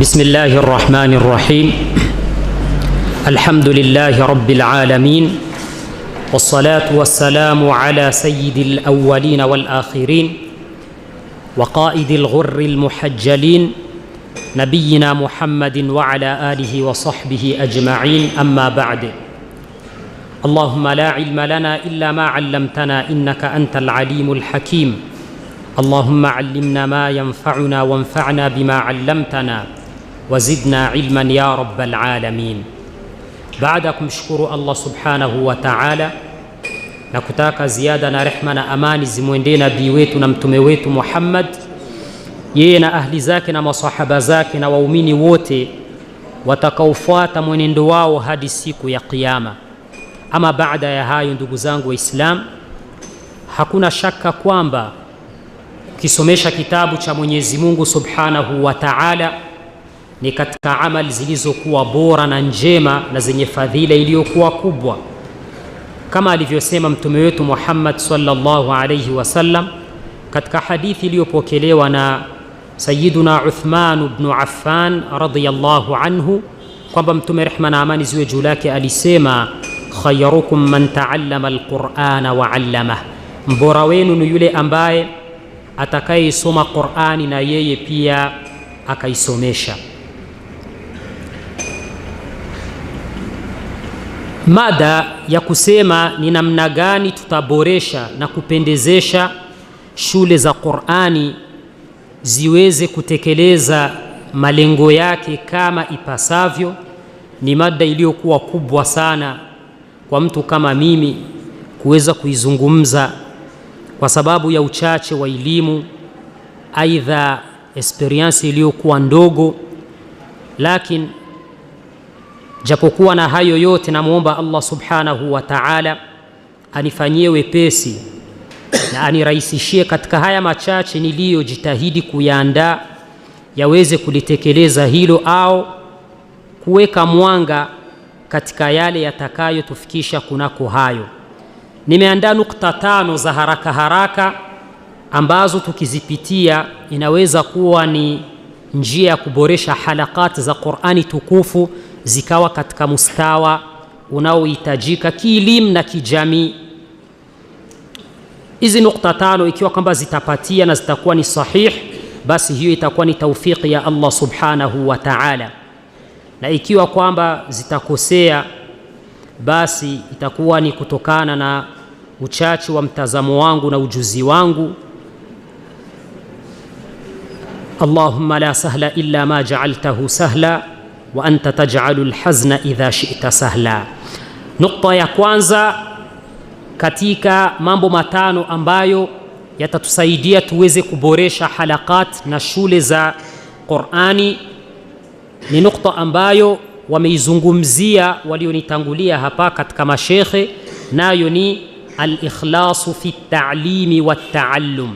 بسم الله الرحمن الرحيم الحمد لله رب العالمين والصلاه والسلام على سيد الاولين والاخرين وقائد الغر المحجلين نبينا محمد وعلى اله وصحبه اجمعين اما بعد اللهم لا علم لنا الا ما علمتنا انك انت العليم الحكيم اللهم علمنا ما ينفعنا وانفعنا بما علمتنا wazidna ilman ya rabbal alamin. Baada ya kumshukuru Allah subhanahu wa ta'ala na kutaka ziada na rehma na amani zimwendee nabii wetu na mtume wetu Muhammad, yeye na ahli zake na masahaba zake na waumini wote watakaofuata mwenendo wao hadi siku ya Kiyama. Ama baada ya hayo, ndugu zangu Waislam, hakuna shaka kwamba ukisomesha kitabu cha Mwenyezi Mungu subhanahu wa ta'ala ni katika amali zilizokuwa bora na njema na zenye fadhila iliyokuwa kubwa, kama alivyosema mtume wetu Muhammad sallallahu alayhi wasallam katika hadithi iliyopokelewa na Sayyiduna Uthman ibn Affan radhiyallahu anhu kwamba mtume rehma na amani ziwe juu lake alisema, khayrukum man taallama alqur'ana wa allama, mbora wenu ni yule ambaye atakayeisoma Qur'ani na yeye pia akaisomesha. Mada ya kusema ni namna gani tutaboresha na kupendezesha shule za Qur'ani ziweze kutekeleza malengo yake kama ipasavyo, ni mada iliyokuwa kubwa sana kwa mtu kama mimi kuweza kuizungumza kwa sababu ya uchache wa elimu, aidha experience iliyokuwa ndogo, lakini Japokuwa na hayo yote, namwomba Allah subhanahu wa ta'ala anifanyie wepesi na anirahisishie katika haya machache niliyojitahidi kuyaandaa yaweze kulitekeleza hilo au kuweka mwanga katika yale yatakayotufikisha kunako hayo. Nimeandaa nukta tano za haraka haraka ambazo tukizipitia inaweza kuwa ni njia ya kuboresha halakati za Qur'ani tukufu zikawa katika mustawa unaohitajika kielimu na kijamii. Hizi nukta tano ikiwa kwamba zitapatia na zitakuwa ni sahih, basi hiyo itakuwa ni taufiki ya Allah subhanahu wa ta'ala, na ikiwa kwamba zitakosea, basi itakuwa ni kutokana na uchache wa mtazamo wangu na ujuzi wangu. Allahumma la sahla illa ma ja'altahu sahla وأنت تجعل الحزن إذا شئت سهلا نقطة يا كوانزا كاتيكا مامبو ماتانو أمبايو يتتسايديا تويزي كبوريشا حلقات نشول زا قرآني لنقطة أمبايو وميزونغومزيا وليوني تنغوليا هباكت كما شيخ نايوني الإخلاص في التعليم والتعلم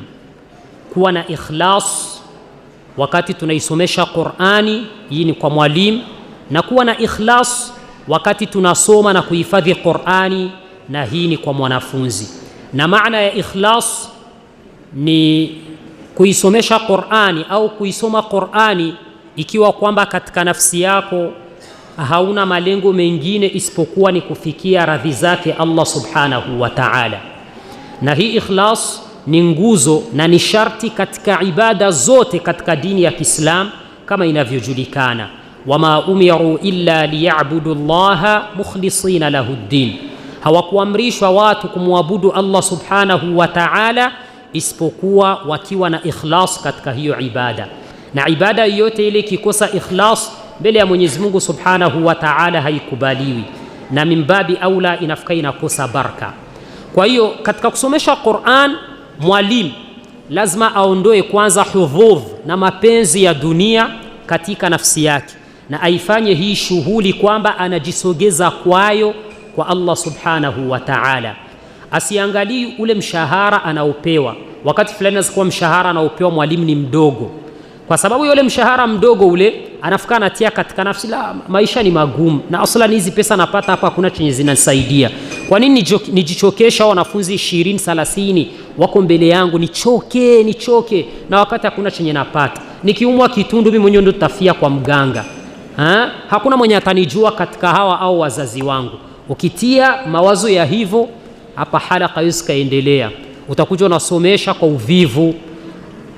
كوانا إخلاص wakati tunaisomesha Qur'ani, hii ni kwa mwalimu, na kuwa na ikhlas wakati tunasoma na kuhifadhi Qur'ani, na hii ni kwa mwanafunzi. Na maana ya ikhlas ni kuisomesha Qur'ani au kuisoma Qur'ani ikiwa kwamba katika nafsi yako hauna malengo mengine isipokuwa ni kufikia radhi zake Allah subhanahu wa ta'ala, na hii ikhlas ni nguzo na ni sharti katika ibada zote katika dini ya Kiislamu kama inavyojulikana, wama umiru illa liyabudu llaha mukhlisina lahu ddin, hawakuamrishwa watu kumwabudu Allah subhanahu wa ta'ala isipokuwa wakiwa na ikhlas katika hiyo ibada. Na ibada yoyote ile ikikosa ikhlas mbele ya Mwenyezi Mungu subhanahu wa ta'ala haikubaliwi, na mimbabi aula inafika inakosa baraka. Kwa hiyo katika kusomesha Qur'an mwalimu lazima aondoe kwanza hudhur na mapenzi ya dunia katika nafsi yake, na aifanye hii shughuli kwamba anajisogeza kwayo kwa Allah subhanahu wa ta'ala. Asiangalie ule mshahara anaopewa wakati fulani, asikuwa mshahara anaopewa mwalimu ni mdogo, kwa sababu yule mshahara mdogo ule anafika anatia katika nafsi la maisha ni magumu, na aslan hizi pesa napata hapa hakuna chenye zinasaidia kwa nini nijichokesha? Wanafunzi 20 30 wako mbele yangu, nichoke nichoke, na wakati hakuna chenye napata. Nikiumwa kitundu, mimi mwenyewe ndo tafia kwa mganga ha? Hakuna mwenye atanijua katika hawa au wazazi wangu. Ukitia mawazo ya hivyo hapa, halaka kaendelea, utakuja unasomesha kwa uvivu.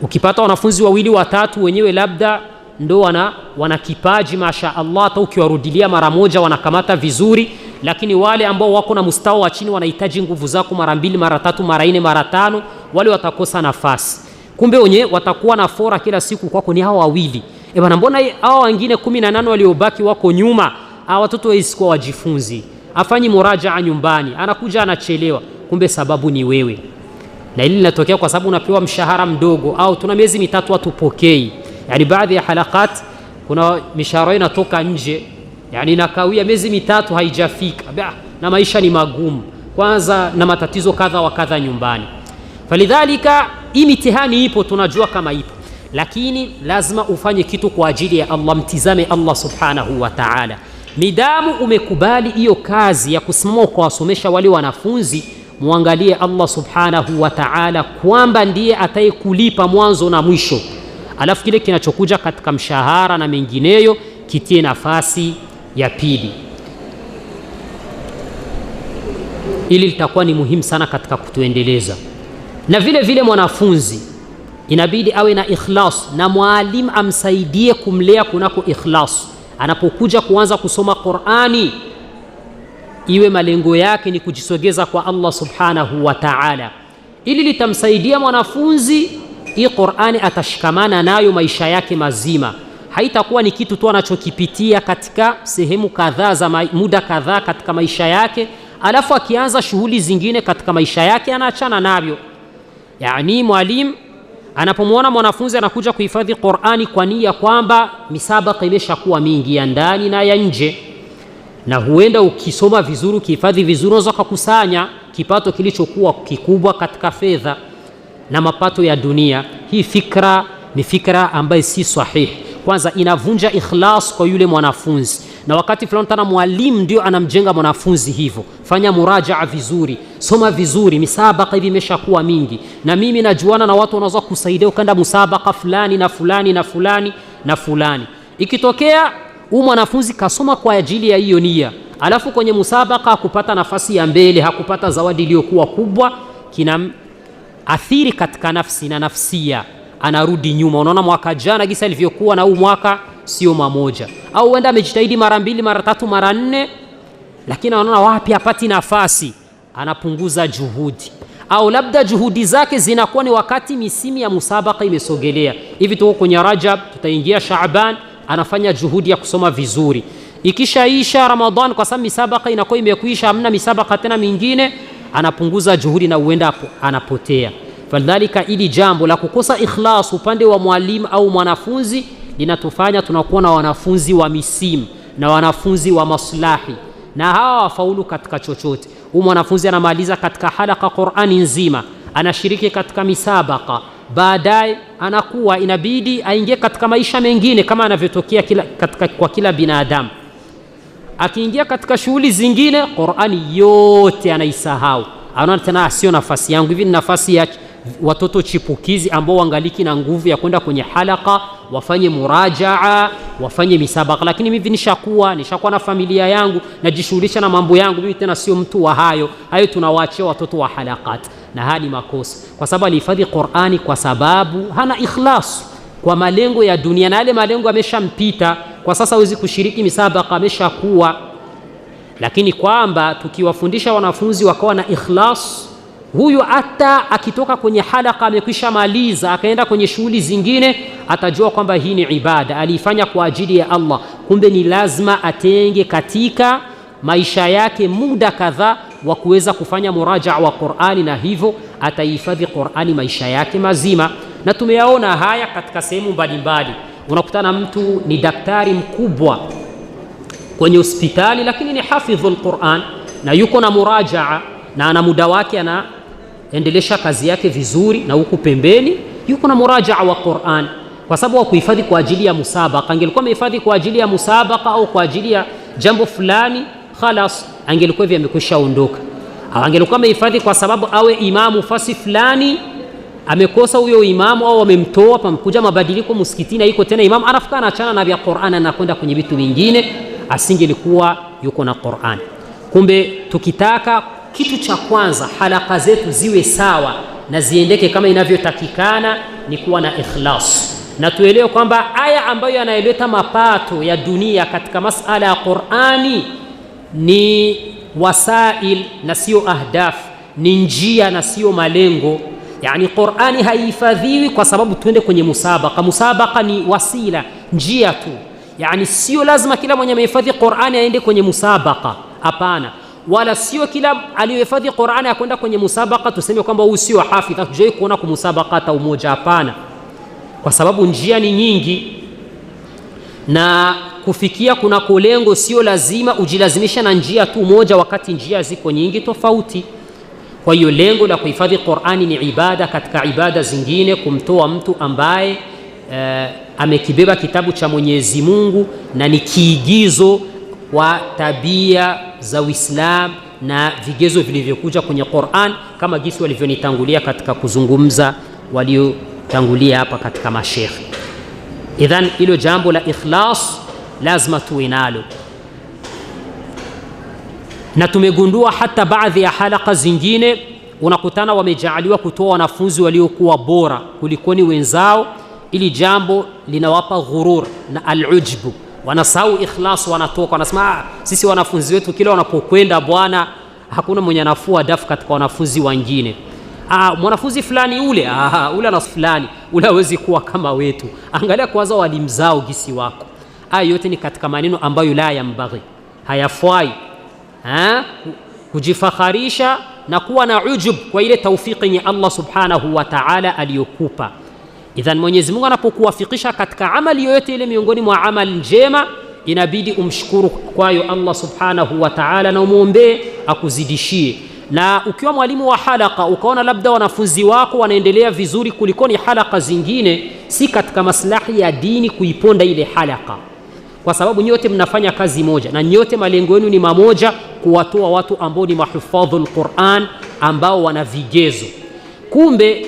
Ukipata wanafunzi wawili watatu, wenyewe labda ndo wana, wana kipaji masha Allah, hata ukiwarudilia mara moja wanakamata vizuri lakini wale ambao wako na mstawa wa chini wanahitaji nguvu zako mara mbili, mara tatu, mara nne, mara tano, wale watakosa nafasi. Kumbe wenye watakuwa na fora kila siku kwako ni hao wawili. E bana, mbona hao wengine 18 waliobaki wako nyuma? Hao watoto wezi wajifunzi, afanyi murajaa nyumbani, anakuja anachelewa. Kumbe sababu ni wewe, na hili linatokea kwa sababu unapewa mshahara mdogo, au tuna miezi mitatu hatupokei. Yani baadhi ya halakat kuna mishahara inatoka nje yani nakawia miezi mitatu haijafika na maisha ni magumu, kwanza na matatizo kadha wa kadha nyumbani. Falidhalika, hii mitihani ipo, tunajua kama ipo, lakini lazima ufanye kitu kwa ajili ya Allah. Mtizame Allah subhanahu wa ta'ala, midamu umekubali hiyo kazi ya kusimama kwa wasomesha wale wanafunzi, muangalie Allah subhanahu wa ta'ala kwamba ndiye atayekulipa mwanzo na mwisho, alafu kile kinachokuja katika mshahara na mengineyo kitie nafasi ya pili. ili litakuwa ni muhimu sana katika kutuendeleza, na vile vile mwanafunzi inabidi awe na ikhlas na mwalimu amsaidie kumlea kunako ikhlas. Anapokuja kuanza kusoma Qur'ani, iwe malengo yake ni kujisogeza kwa Allah subhanahu wa ta'ala. Ili litamsaidia mwanafunzi, hii Qur'ani atashikamana nayo maisha yake mazima haitakuwa ni kitu tu anachokipitia katika sehemu kadhaa za muda kadhaa katika maisha yake, alafu akianza shughuli zingine katika maisha yake anaachana navyo. Yani mwalimu anapomwona mwanafunzi anakuja kuhifadhi Qur'ani kwa nia kwamba misabaka imeshakuwa mingi ya ndani na ya nje, na huenda ukisoma vizuri, ukihifadhi vizuri, unaweza kukusanya kipato kilichokuwa kikubwa katika fedha na mapato ya dunia. Hii fikra ni fikra ambayo si sahihi kwanza inavunja ikhlas kwa yule mwanafunzi, na wakati fulani tena mwalimu ndio anamjenga mwanafunzi. Hivyo fanya murajaa vizuri, soma vizuri. Misabaka hivi imeshakuwa mingi, na mimi najuana na watu wanaweza kusaidia ukanda musabaka fulani na fulani na fulani na fulani. Ikitokea huu mwanafunzi kasoma kwa ajili ya hiyo nia, alafu kwenye musabaka hakupata nafasi ya mbele, hakupata zawadi iliyokuwa kubwa, kina athiri katika nafsi na nafsia anarudi nyuma. Unaona mwaka jana gisa ilivyokuwa na huu mwaka sio mamoja, au huenda amejitahidi mara mbili mara tatu mara nne, lakini anaona wapi hapati nafasi, anapunguza juhudi, au labda juhudi zake zinakuwa ni wakati misimu ya musabaka imesogelea hivi, tuko kwenye Rajab, tutaingia Shaaban, anafanya juhudi ya kusoma vizuri ikishaisha Ramadhan, kwa sababu misabaka inakuwa imekuisha, hamna misabaka tena mingine, anapunguza juhudi na uenda anapotea. Fadhalika, ili jambo la kukosa ikhlas upande wa mwalimu au mwanafunzi linatufanya tunakuwa na wanafunzi wa misimu na wanafunzi wa maslahi, na hawa wafaulu katika chochote. Huyu mwanafunzi anamaliza katika halaka Qur'ani nzima, anashiriki katika misabaka, baadaye anakuwa inabidi aingie katika maisha mengine, kama anavyotokea kila, katika, kwa kila binadamu. Akiingia katika shughuli zingine, Qur'ani yote anaisahau, anaona tena, ah, sio nafasi yangu hivi, ni nafasi yake watoto chipukizi ambao wangaliki na nguvu ya kwenda kwenye halaka wafanye murajaa, wafanye misabaka. Lakini mimi nishakuwa nishakuwa na familia yangu, najishughulisha na mambo yangu, mimi tena sio mtu wa hayo hayo, tunawaachia watoto wa halakat, na hadi makosa, kwa sababu alihifadhi Qur'ani kwa sababu hana ikhlas kwa malengo ya dunia, na yale malengo ameshampita kwa sasa, hawezi kushiriki misabaka, ameshakuwa. Lakini kwamba tukiwafundisha wanafunzi wakawa na ikhlas Huyu hata akitoka kwenye halaka amekwisha maliza akaenda kwenye shughuli zingine, atajua kwamba hii ni ibada aliifanya kwa ajili ya Allah. Kumbe ni lazima atenge katika maisha yake muda kadhaa wa kuweza kufanya murajaa wa Qur'ani, na hivyo atahifadhi Qur'ani maisha yake mazima, na tumeyaona haya katika sehemu mbalimbali. Unakutana mtu ni daktari mkubwa kwenye hospitali, lakini ni hafidhul Qur'an na yuko na murajaa na ana muda wake ana endelesha kazi yake vizuri, na huku pembeni yuko na murajaa wa Qur'an, kwa sababu hakuhifadhi kwa ajili ya musabaka. Angelikuwa amehifadhi kwa ajili ya musabaka au kwa ajili ya jambo fulani, khalas, angelikuwa hivi amekwisha ondoka. Au angelikuwa amehifadhi kwa sababu awe imamu fasi fulani, amekosa huyo imamu au wamemtoa, pamkuja mabadiliko msikitini, haiko tena imamu, anafika anaachana na vya Qur'an, anakwenda kwenye vitu vingine, asingelikuwa yuko na Qur'an. Kumbe tukitaka kitu cha kwanza halaka zetu ziwe sawa na ziendeke kama inavyotakikana ni kuwa na ikhlas, na tuelewe kwamba aya ambayo yanayoleta mapato ya dunia katika masala ya Qur'ani ni wasail na sio ahdaf, ni njia na sio malengo. Yani Qur'ani haihifadhiwi kwa sababu tuende kwenye musabaka. Musabaka ni wasila, njia tu, yani sio lazima kila mwenye amehifadhi Qur'ani aende kwenye musabaka, hapana wala sio kila aliyohifadhi Qur'ani akwenda kwenye musabaka tuseme kwamba huyu sio hafidh, hatujawai kuona musabaka hata umoja. Hapana, kwa sababu njia ni nyingi na kufikia kunako lengo sio lazima ujilazimisha na njia tu moja, wakati njia ziko nyingi tofauti. Kwa hiyo lengo la kuhifadhi Qur'ani ni ibada katika ibada zingine, kumtoa mtu ambaye e, amekibeba kitabu cha Mwenyezi Mungu na ni kiigizo kwa tabia za Uislamu na vigezo vilivyokuja kwenye Qur'an, kama jinsi walivyonitangulia katika kuzungumza waliotangulia hapa katika mashekhe. Idhan, hilo jambo la ikhlas lazima tuwe nalo, na tumegundua hata baadhi ya halaka zingine unakutana wamejaaliwa kutoa wanafunzi waliokuwa bora kulikoni wenzao, ili jambo linawapa ghurur na alujbu wanasahau ikhlas, wanatoka wanasema, ah, sisi wanafunzi wetu kila wanapokwenda bwana, hakuna mwenye anafua dafu katika wanafunzi wengine. Ah, mwanafunzi fulani ule ah, ule na fulani ule hawezi kuwa kama wetu. Angalia kwanza walimu zao gisi wako. Haya yote ni katika maneno ambayo la yambaghi, hayafai ha? kujifaharisha na kuwa na ujub kwa ile taufiki yenye Allah subhanahu wa ta'ala aliyokupa. Idhan Mwenyezi Mungu anapokuwafikisha katika amali yoyote ile miongoni mwa amali njema, inabidi umshukuru kwayo Allah subhanahu wa ta'ala, na umwombee akuzidishie. Na ukiwa mwalimu wa halaka ukaona labda wanafunzi wako wanaendelea vizuri kuliko ni halaka zingine, si katika maslahi ya dini kuiponda ile halaka, kwa sababu nyote mnafanya kazi moja na nyote malengo yenu ni mamoja, kuwatoa watu ambao ni mahufadhul Qur'an, ambao wana vigezo kumbe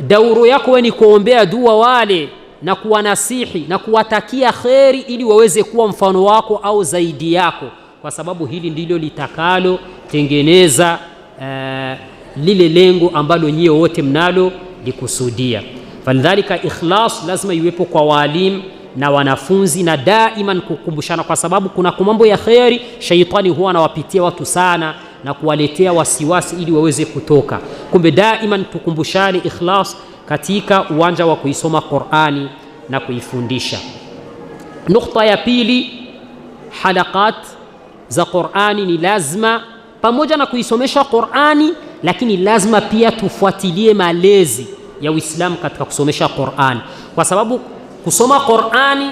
dauro yako ni kuombea dua wale na kuwanasihi na kuwatakia kheri, ili waweze kuwa mfano wako au zaidi yako, kwa sababu hili ndilo litakalo tengeneza uh, lile lengo ambalo nyie wote mnalo likusudia. Falidhalika, ikhlas lazima iwepo kwa waalimu na wanafunzi na daiman kukumbushana, kwa sababu kuna mambo ya kheri, shaitani huwa anawapitia watu sana na kuwaletea wasiwasi ili waweze kutoka. Kumbe daiman tukumbushane ikhlas katika uwanja wa kuisoma Qur'ani na kuifundisha. Nukta ya pili, halakat za Qur'ani ni lazima pamoja na kuisomesha Qur'ani, lakini lazima pia tufuatilie malezi ya Uislamu katika kusomesha Qur'ani kwa sababu kusoma Qur'ani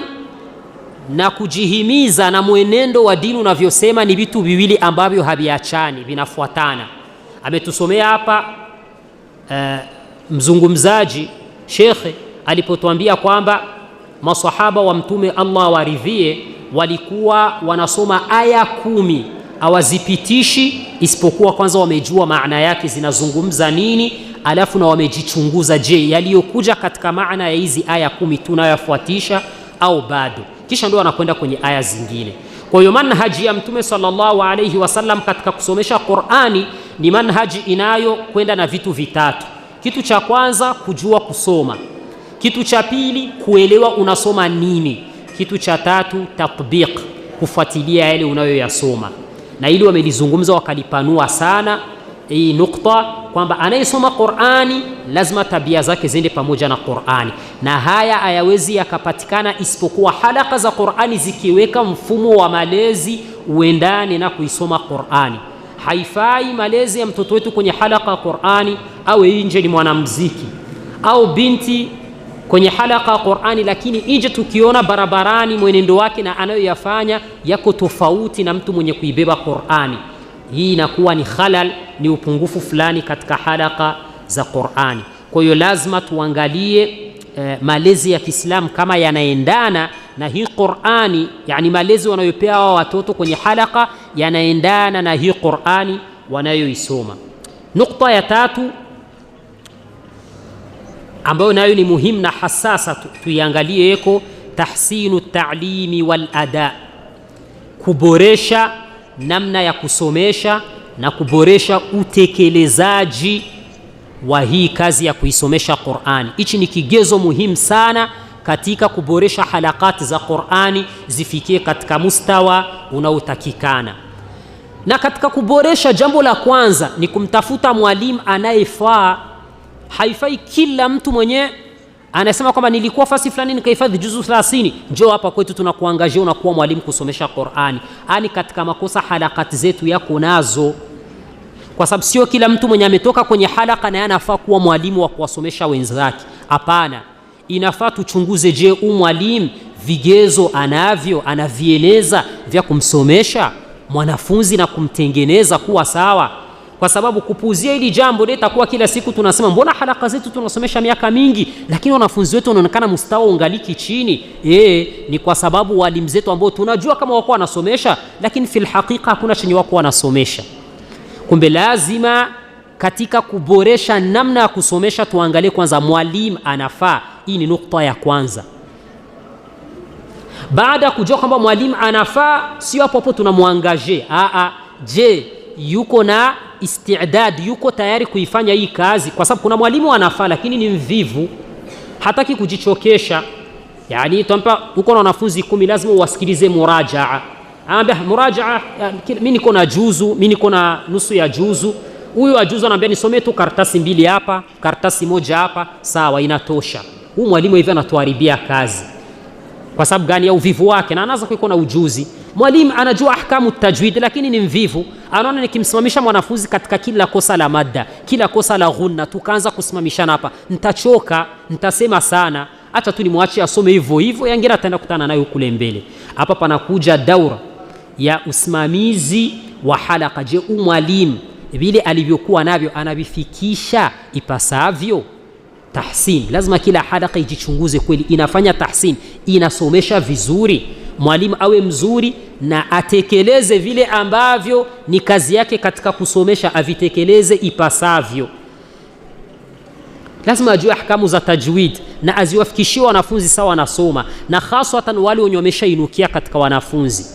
na kujihimiza na mwenendo wa dini unavyosema ni vitu viwili ambavyo haviachani, vinafuatana. Ametusomea hapa uh, mzungumzaji shekhe alipotwambia kwamba masahaba wa Mtume Allah waridhie walikuwa wanasoma aya kumi hawazipitishi isipokuwa kwanza wamejua maana yake zinazungumza nini, alafu na wamejichunguza, je, yaliyokuja katika maana ya hizi aya kumi tunayoyafuatisha au bado? kisha ndio anakwenda kwenye aya zingine. Kwa hiyo manhaji ya Mtume sallallahu alayhi wasallam katika kusomesha Qur'ani ni manhaji inayokwenda na vitu vitatu. Kitu cha kwanza kujua kusoma, kitu cha pili kuelewa unasoma nini, kitu cha tatu tatbiq, kufuatilia yale unayoyasoma. Na ili wamelizungumza wakalipanua sana hii nukta kwamba anayesoma Qur'ani lazima tabia zake ziende pamoja na Qur'ani, na haya hayawezi yakapatikana isipokuwa halaka za Qur'ani zikiweka mfumo wa malezi uendane na kuisoma Qur'ani. Haifai malezi ya mtoto wetu kwenye halaka ya Qur'ani awe nje ni mwanamuziki au binti kwenye halaka ya Qur'ani, lakini nje tukiona barabarani mwenendo wake na anayoyafanya yako tofauti na mtu mwenye kuibeba Qur'ani hii inakuwa ni khalal, ni upungufu fulani katika halaka za Qur'ani. Kwa hiyo lazima tuangalie eh, malezi ya Kiislamu kama yanaendana na hii Qur'ani, yani malezi wanayopea wa watoto kwenye halaka yanaendana na hii Qur'ani wanayoisoma. Nukta ya tatu ambayo nayo ni muhimu na hasasa tuiangalie, yeko tahsinu ta'limi wal ada, kuboresha namna ya kusomesha na kuboresha utekelezaji wa hii kazi ya kuisomesha Qur'ani. Hichi ni kigezo muhimu sana katika kuboresha halakati za Qur'ani zifikie katika mustawa unaotakikana. Na katika kuboresha, jambo la kwanza ni kumtafuta mwalimu anayefaa. Haifai kila mtu mwenye anasema kwamba nilikuwa fasi fulani nikahifadhi juzu 30 njoo hapa kwetu tunakuangazia unakuwa mwalimu kusomesha Qur'ani. Ani katika makosa halakati zetu yako nazo, kwa sababu sio kila mtu mwenye ametoka kwenye halaka naye anafaa kuwa mwalimu wa kuwasomesha wenzake. Hapana, inafaa tuchunguze, je, u mwalimu vigezo anavyo anavieleza vya kumsomesha mwanafunzi na kumtengeneza kuwa sawa kwa sababu kupuuzia hili jambo litakuwa kila siku tunasema, mbona halaka zetu tunasomesha miaka mingi, lakini wanafunzi wetu wanaonekana mstawa ungaliki chini. E, ni kwa sababu walimu zetu ambao tunajua kama wako wanasomesha, lakini fil hakika hakuna chenye wako wanasomesha. Kumbe lazima katika kuboresha namna ya kusomesha tuangalie kwanza mwalimu anafaa. Hii ni nukta ya kwanza. Baada ya kujua kwamba mwalimu anafaa, sio hapo hapo tunamwangaje. Ah, ah. Je, yuko na istidadi, yuko tayari kuifanya hii kazi, kwa sababu kuna mwalimu anafaa, lakini ni mvivu, hataki kujichokesha. Yani tampa uko na wanafunzi kumi, lazima uwasikilize murajaa. Anambia murajaa, mimi niko na juzu, mimi niko na nusu ya juzu. Huyu ajuzu anambia nisomee tu karatasi mbili hapa, karatasi moja hapa, sawa, inatosha. Huyu mwalimu hivi anatuharibia kazi. Kwa sababu gani? Ya uvivu wake, na anaanza kuiko na ujuzi Mwalimu anajua ahkamu tajwid, lakini ni mvivu. Anaona nikimsimamisha mwanafunzi katika kila kosa la madda, kila kosa la ghunna, tukaanza kusimamishana hapa, nitachoka, nitasema sana, hata tu nimwache asome hivyo hivyo, yangine ataenda kutana nayo kule mbele. Hapa panakuja daura ya usimamizi wa halaka. Je, u mwalimu vile alivyokuwa navyo anavifikisha ipasavyo? Tahsin lazima kila halaka ijichunguze, kweli inafanya tahsin, inasomesha vizuri mwalimu awe mzuri na atekeleze vile ambavyo ni kazi yake katika kusomesha, avitekeleze ipasavyo. Lazima ajue ahkamu za tajwid na aziwafikishie wanafunzi sawa wanasoma, na haswatan wale wenye wameshainukia katika wanafunzi.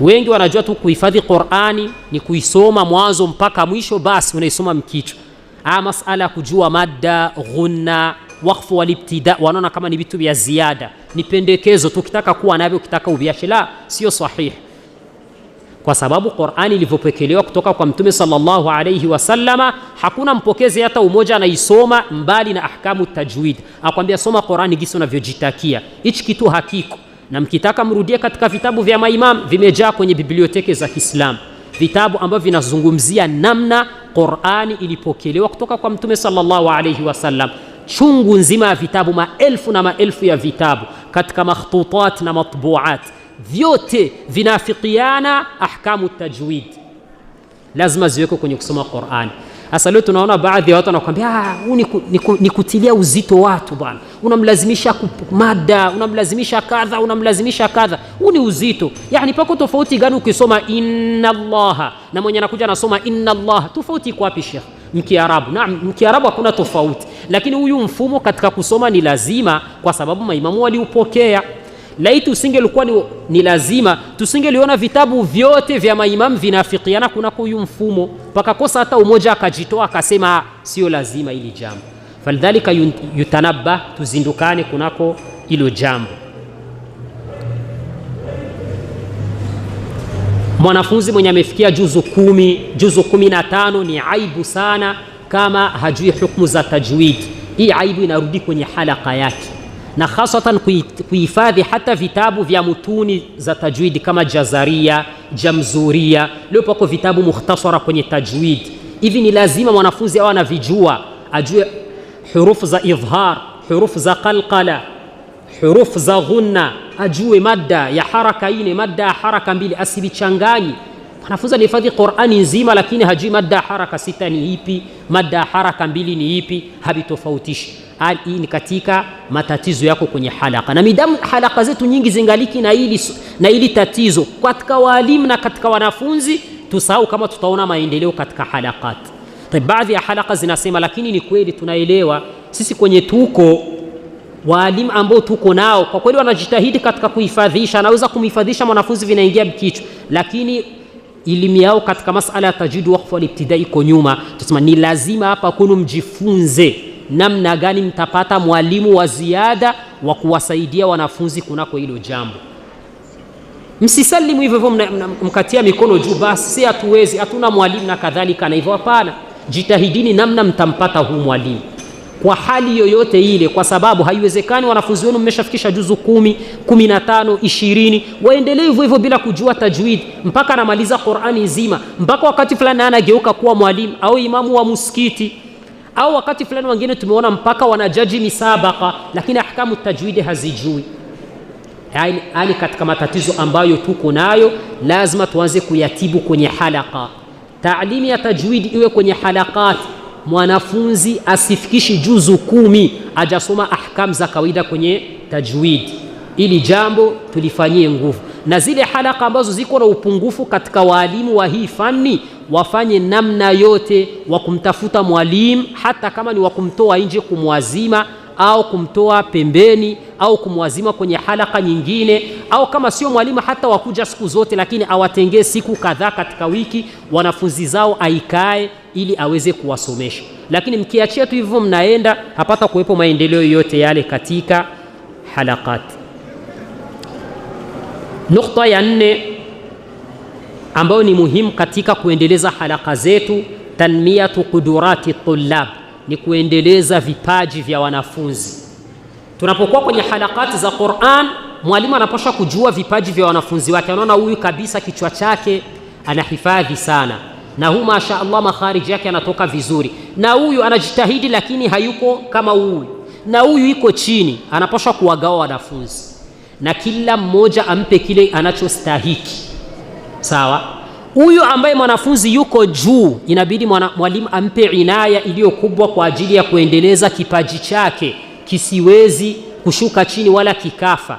Wengi wanajua tu kuhifadhi Qur'ani ni kuisoma mwanzo mpaka mwisho, basi unaisoma mkicho aya ah, masala ya kujua madda, ghunna wakfu walibtida, wanaona kama ni vitu vya ziada, ni pendekezo tu, ukitaka kuwa navyo, ukitaka uviache. La, sio sahihi, kwa sababu Qur'ani ilivyopokelewa kutoka kwa Mtume sallallahu alayhi wasallama, hakuna mpokezi hata umoja anaisoma mbali na ahkamu tajwid, akwambia soma Qur'ani gisi unavyojitakia, hichi kitu hakiko, na mkitaka mrudie katika vitabu vya maimam, vimejaa kwenye biblioteki za Kiislamu vitabu ambavyo vinazungumzia namna Qur'ani ilipokelewa kutoka kwa Mtume sallallahu alayhi wasallam chungu nzima ya vitabu, maelfu na maelfu ya vitabu katika makhtutat na matbuat, vyote vinafikiana ahkamu tajwid, lazima ziwekwe kwenye kusoma Qur'ani. Sasa leo tunaona baadhi ya watu wanakuambia ah, huu ni, ku, ni, ku, ni kutilia uzito watu bwana, unamlazimisha mada, unamlazimisha kadha, unamlazimisha kadha. Huu ni uzito. Yani pako tofauti gani ukisoma inna allaha na mwenye anakuja anasoma inna allaha? Tofauti iko wapi shekhe? Mkiarabu. Naam, Mkiarabu hakuna tofauti, lakini huyu mfumo katika kusoma ni lazima, kwa sababu maimamu waliupokea. Laiti usingelikuwa ni, ni lazima, tusingeliona vitabu vyote vya maimamu vinafikiana kunako huyu mfumo, kosa hata umoja akajitoa akasema ah, sio lazima hili jambo. Falidhalika yutanabba, tuzindukane kunako hilo jambo. Mwanafunzi mwenye amefikia juzu kumi, juzu kumi na tano ni aibu sana kama hajui hukumu za tajwid. Hii aibu inarudi kwenye halaka yake, na hasatan kuhifadhi hata vitabu vya mutuni za tajwid kama Jazaria, Jamzuria. Leo pako vitabu mukhtasara kwenye tajwid, hivi ni lazima mwanafunzi awe anavijua, ajue hurufu za idhhar, hurufu za qalqala huruf za ghunna, ajue madda ya haraka ine, madda ya haraka mbili, asivichanganyi. Mwanafunzi anahifadhi Qur'ani nzima, lakini hajui madda ya haraka sita ni ipi, madda ya haraka mbili ni ipi, havitofautishi. Hii ni katika matatizo yako kwenye halaka, na midamu halaka zetu nyingi zingaliki na hili, na hili tatizo katika walimu na katika wanafunzi. Tusahau kama tutaona maendeleo katika halakati. Baadhi ya halaka zinasema, lakini ni kweli tunaelewa sisi kwenye tuko Waalimu ambao tuko nao kwa kweli wanajitahidi katika kuhifadhisha, anaweza kumhifadhisha mwanafunzi vinaingia kichwa, lakini elimu yao katika masala ya tajwid wakfu alibtidai iko nyuma. Tunasema ni lazima hapa kunu mjifunze namna gani mtapata mwalimu wa ziada wa kuwasaidia wanafunzi kunako hilo jambo. Msisalimu hivyo hivyo mkatia mikono juu, basi si hatuwezi, hatuna mwalimu na kadhalika na hivyo. Hapana, jitahidini namna mtampata huu mwalimu kwa hali yoyote ile, kwa sababu haiwezekani wanafunzi wenu mmeshafikisha juzu kumi, kumi na tano, ishirini, waendelee hivyo hivyo bila kujua tajwid mpaka anamaliza Qur'ani nzima, mpaka wakati fulani anageuka kuwa mwalimu au imamu wa msikiti au wakati fulani wengine tumeona mpaka wanajaji misabaka, lakini ahkamu tajwidi hazijui. Yani yaani katika matatizo ambayo tuko nayo, lazima tuanze kuyatibu kwenye halaka. Taalimi ya tajwidi iwe kwenye halakati mwanafunzi asifikishi juzu kumi ajasoma ahkam za kawaida kwenye tajwidi. Ili jambo tulifanyie nguvu, na zile halaka ambazo ziko na upungufu katika waalimu wa hii fani wafanye namna yote wa kumtafuta mwalimu, hata kama ni wa kumtoa nje, kumwazima au kumtoa pembeni au kumwazima kwenye halaka nyingine, au kama sio mwalimu hata wakuja siku zote, lakini awatengee siku kadhaa katika wiki wanafunzi zao aikae ili aweze kuwasomesha. Lakini mkiachia tu hivyo, mnaenda hapata kuwepo maendeleo yote yale katika halakati. Nukta ya nne ambayo ni muhimu katika kuendeleza halaka zetu, tanmiyatu qudurati tullab ni kuendeleza vipaji vya wanafunzi. Tunapokuwa kwenye halakati za Qur'an, mwalimu anapaswa kujua vipaji vya wanafunzi wake. Anaona huyu kabisa kichwa chake anahifadhi sana, na huyu masha Allah makhariji yake anatoka vizuri, na huyu anajitahidi lakini hayuko kama huyu, na huyu iko chini. Anapaswa kuwagawa wanafunzi na kila mmoja ampe kile anachostahiki, sawa Huyu ambaye mwanafunzi yuko juu, inabidi mwalimu ampe inaya iliyo kubwa kwa ajili ya kuendeleza kipaji chake kisiwezi kushuka chini wala kikafa.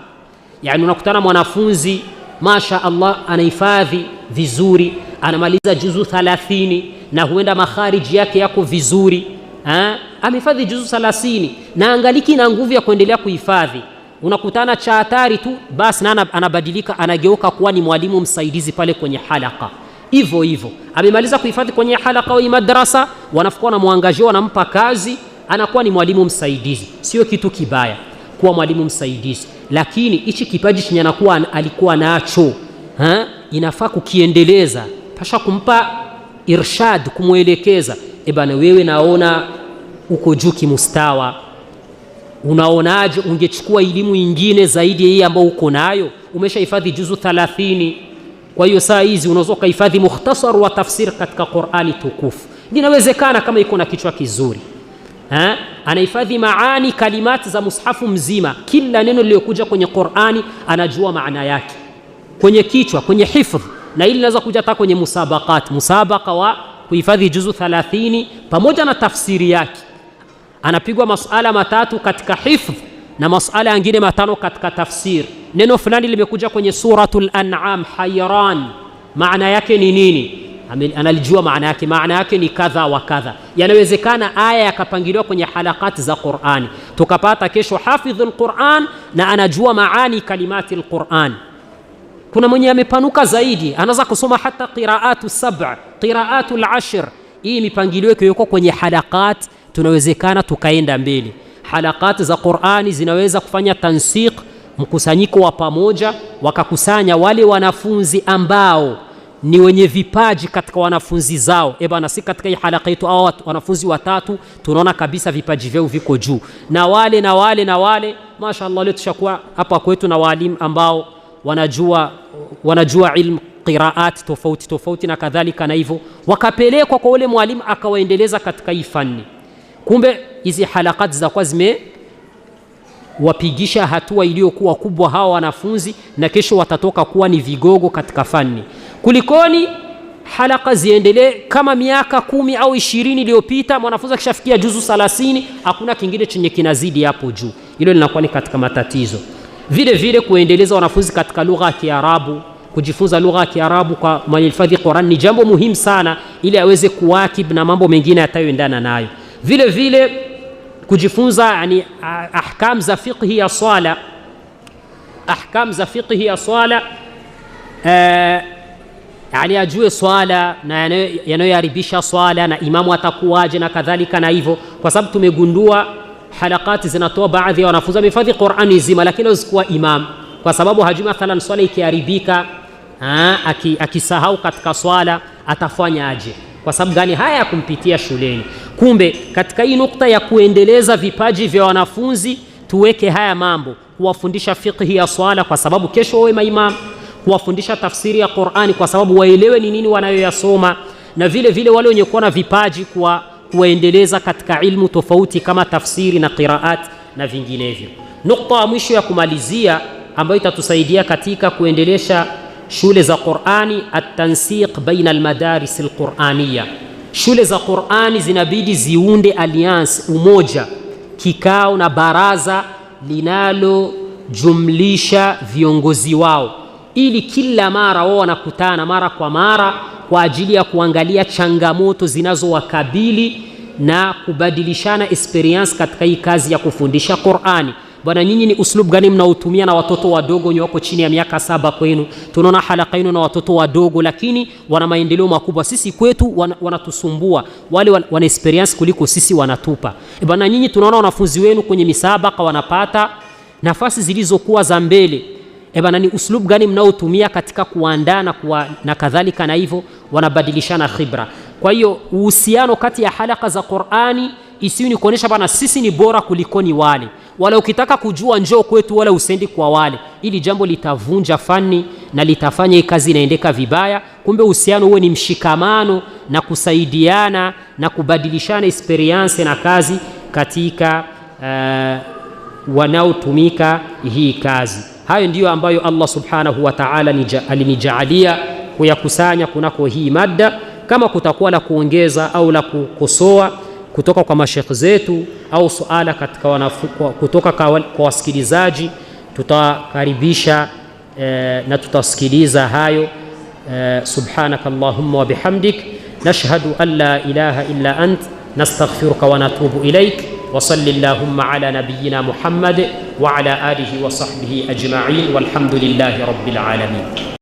Yani unakutana mwanafunzi masha Allah anahifadhi vizuri, anamaliza juzu 30 na huenda makhariji yake yako vizuri ha? amehifadhi juzu 30 na angaliki na nguvu ya kuendelea kuhifadhi. Unakutana cha hatari tu, basi na anabadilika, anageuka kuwa ni mwalimu msaidizi pale kwenye halaka hivyo hivyo. Amemaliza kuhifadhi kwenye halaka au madrasa, wanafukua na mwangajiwa, wanampa kazi, anakuwa ni mwalimu msaidizi. Sio kitu kibaya kuwa mwalimu msaidizi, lakini hichi kipaji chenye anakuwa alikuwa nacho ha? inafaa kukiendeleza, pasha kumpa irshad, kumwelekeza e bana, wewe naona uko juu kimustawa Unaonaje, ungechukua elimu nyingine zaidi ya hii ambayo uko nayo? Umeshahifadhi juzu thalathini kwa hiyo saa hizi unaweza ukahifadhi mukhtasar wa tafsir katika Qur'ani tukufu, linawezekana kama iko na kichwa kizuri ha? Anahifadhi maani kalimati za mushafu mzima, kila neno lililokuja kwenye Qur'ani anajua maana yake kwenye kichwa, kwenye hifdh, na ili inaweza kuja hata kwenye musabakat, musabaka wa kuhifadhi juzu 30 pamoja na tafsiri yake. Anapigwa masala matatu katika hifdh na masala yangine matano katika tafsir. Neno fulani limekuja kwenye suratul An'am, hayran, maana yake ni nini? analijua maana yake. Maana yake ni kadha wa kadha. Yanawezekana aya yakapangiliwa kwenye halakati za Qur'ani, tukapata kesho hafidhul Qur'an na anajua maani kalimati lquran. Kuna mwenye amepanuka zaidi, anaweza kusoma hata qiraatu sab'a, qiraatu al Hii mipangilio ikiwekwa kwenye halakati, tunawezekana tukaenda mbele halakati za Qur'ani zinaweza kufanya tansiq, mkusanyiko wa pamoja, wakakusanya wale wanafunzi ambao ni wenye vipaji katika wanafunzi zao. E bana, si katika hii halaka yetu au wanafunzi watatu tunaona kabisa vipaji vyao viko juu, na wale na wale na wale, mashaallah. Leo tushakuwa hapa kwetu na waalimu ambao wanajua, wanajua ilmu qiraat tofauti tofauti na kadhalika na hivyo, wakapelekwa kwa ule mwalimu akawaendeleza katika hii fani. Kumbe hizi halakati zitakuwa zimewapigisha hatua iliyokuwa kubwa hawa wanafunzi, na kesho watatoka kuwa ni vigogo katika fani. Kulikoni halaka ziendelee kama miaka kumi au ishirini iliyopita, mwanafunzi akishafikia juzu 30 hakuna kingine chenye kinazidi hapo juu. Hilo linakuwa ni katika matatizo. Vile vile kuendeleza wanafunzi katika lugha ya Kiarabu, kujifunza lugha ya Kiarabu kwa mwenye Qur'an ni jambo muhimu sana, ili aweze kuwakib na mambo mengine yatayoendana nayo. Vile vile kujifunza yani ahkam za fiqhi ya swala, ahkam za fiqhi ya swala e, yani ajue swala na yanayoharibisha swala na imamu atakuwaje na kadhalika na hivyo, kwa sababu tumegundua halakati zinatoa baadhi ya wanafunzi wamehifadhi Qur'ani zima, lakini hawezi imam kwa sababu hajui mathalan swala ikiharibika, akisahau katika swala atafanya aje? Kwa sababu gani? Haya ya kumpitia shuleni. Kumbe katika hii nukta ya kuendeleza vipaji vya wanafunzi tuweke haya mambo, kuwafundisha fiqhi ya swala kwa sababu kesho wawe maimam, kuwafundisha tafsiri ya Qur'ani kwa sababu waelewe ni nini wanayoyasoma, na vile vile wale wenye kuwa na vipaji kwa kuwaendeleza katika ilmu tofauti kama tafsiri na qiraat na vinginevyo. Nukta ya mwisho ya kumalizia ambayo itatusaidia katika kuendelesha shule za Qur'ani, at-tansiq baina al-madaris al-Qur'aniya. Shule za Qur'ani zinabidi ziunde alliance, umoja, kikao na baraza linalojumlisha viongozi wao, ili kila mara wao wanakutana mara kwa mara kwa ajili ya kuangalia changamoto zinazowakabili na kubadilishana experience katika hii kazi ya kufundisha Qur'ani bwana, nyinyi ni uslub gani mnaotumia na watoto wadogo wenye wako chini ya miaka saba kwenu? Tunaona halaka yenu na watoto wadogo, lakini wana maendeleo makubwa. Sisi kwetu wanatusumbua, wana wale wan, wana experience kuliko sisi, wanatupa e. bwana. Nyinyi tunaona wanafunzi wenu kwenye misabaka wanapata nafasi zilizokuwa za mbele. E Bwana, ni uslub gani mnaotumia katika kuandaa na, kuwa, na kadhalika na hivyo wanabadilishana khibra. Kwa hiyo uhusiano kati ya halaka za Qur'ani isiwi ni kuonesha bana sisi ni bora kulikoni wale wala ukitaka kujua njoo kwetu, wala usendi kwa wale. Ili jambo litavunja fani na litafanya hii kazi inaendeka vibaya. Kumbe uhusiano huwe ni mshikamano na kusaidiana na kubadilishana experience na kazi katika uh, wanaotumika hii kazi. Hayo ndiyo ambayo Allah subhanahu wa ta'ala alinijaalia kuyakusanya kunako hii mada. Kama kutakuwa la kuongeza au la kukosoa kutoka kwa mashekh zetu au suala katika wanafu, kutoka kwa wasikilizaji tutakaribisha eh, na tutasikiliza hayo eh, subhanakallahumma wa bihamdik nashhadu an la ilaha illa ant nastaghfiruka wa natubu ilaik wa salli allahumma ala nabiyyina muhammad wa ala alihi wa sahbihi ajma'in walhamdulillahi rabbil alamin